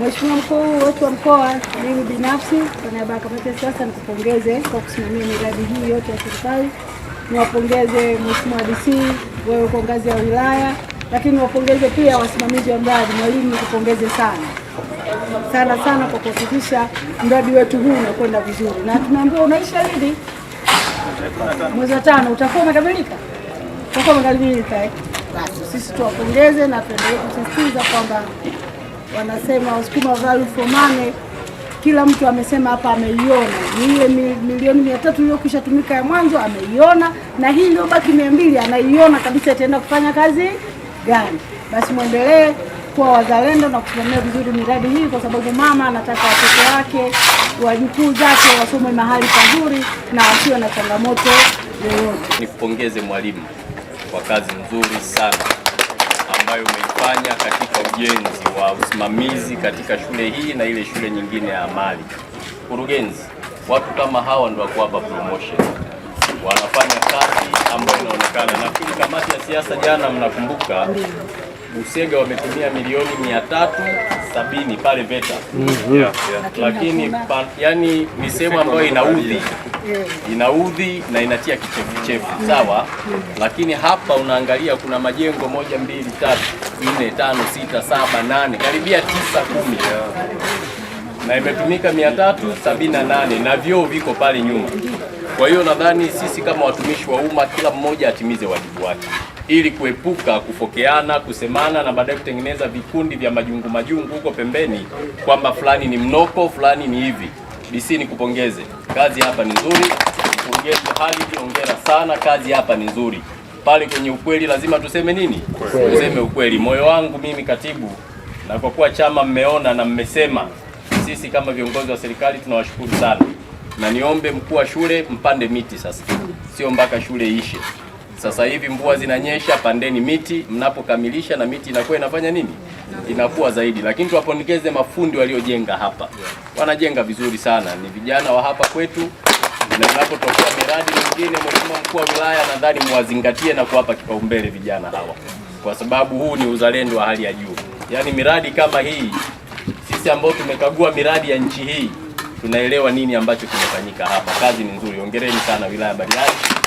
Mheshimiwa mkuu wetu wa mkoa, mimi binafsi kwa niaba ya kamati ya siasa nikupongeze kwa kusimamia miradi hii yote ya serikali. Niwapongeze Mheshimiwa DC, wewe kwa ngazi ya wilaya, lakini niwapongeze pia wasimamizi wa mradi. Mwalimu, nikupongeze sana sana sana kwa kuhakikisha mradi wetu huu unakwenda vizuri, na tunaambiwa unaisha lini? Mwezi wa tano utakuwa umekamilika, utakuwa umekamilika. Eh? Basi sisi tuwapongeze na tuendelee kusisitiza kwamba wanasema Usukuma value for money, kila mtu amesema hapa ameiona. Ni ile milioni mia tatu iliyokisha tumika ya mwanzo ameiona, na hii iliyobaki mia mbili anaiona kabisa itaenda kufanya kazi gani. Basi mwendelee kuwa wazalendo na kusimamia vizuri miradi hii, kwa sababu mama anataka watoto wake wajukuu zake wasome mahali pazuri na wasiwe na changamoto yoyote. Nikupongeze mwalimu kwa kazi nzuri sana ambayo umeifanya katika ujenzi wa usimamizi katika shule hii na ile shule nyingine ya amali. Kurugenzi, watu kama hawa ndio wakuwapa promotion, wanafanya kazi ambayo inaonekana. Nafikiri kamati ya siasa jana, mnakumbuka Busega wametumia milioni mia tatu sabini pale VETA. mm -hmm. yeah, yeah. Lakini pa, yani ni sehemu ambayo inaudhi inaudhi na inatia kichefuchefu, sawa. Lakini hapa unaangalia kuna majengo moja, mbili, tatu, nne, tano, sita, saba, nane, karibia tisa, kumi na imetumika nane na vyoo viko pale nyuma. Kwa hiyo nadhani sisi kama watumishi wa umma kila mmoja atimize wajibu wake ili kuepuka kufokeana, kusemana na baadaye kutengeneza vikundi vya majungu majungu huko pembeni kwamba fulani ni mnoko, fulani ni hivi. DC, nikupongeze, kazi hapa ni nzuri. Mkurugenzi hali hongera sana, kazi hapa ni nzuri. Pale kwenye ukweli lazima tuseme nini? Tuseme ukweli. Moyo wangu mimi katibu, na kwa kuwa chama mmeona na mmesema, sisi kama viongozi wa serikali tunawashukuru sana, na niombe mkuu wa shule mpande miti sasa, sio mpaka shule iishe. Sasa hivi mvua zinanyesha, pandeni miti mnapokamilisha, na miti inakuwa inafanya nini inakuwa zaidi, lakini tuwapongeze mafundi waliojenga hapa, wanajenga vizuri sana, ni vijana wa hapa kwetu, na inapotokea miradi mingine, Mheshimiwa Mkuu wa Wilaya, nadhani mwazingatie na kuwapa kipaumbele vijana hawa, kwa sababu huu ni uzalendo wa hali ya juu. Yaani miradi kama hii, sisi ambao tumekagua miradi ya nchi hii tunaelewa nini ambacho kimefanyika hapa. Kazi ni nzuri, hongereni sana wilaya Bariadi.